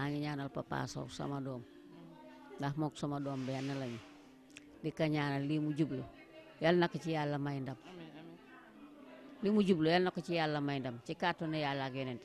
maa ngi ñaanal papa Sow sama doom ndax mook sama doom benn lañu di ko ñaanal lii mu jublu yal nakk ci yàlla may ndam li mu jublu yal na ko ci yàlla may ndam ci kàttanu yàlla ak yonent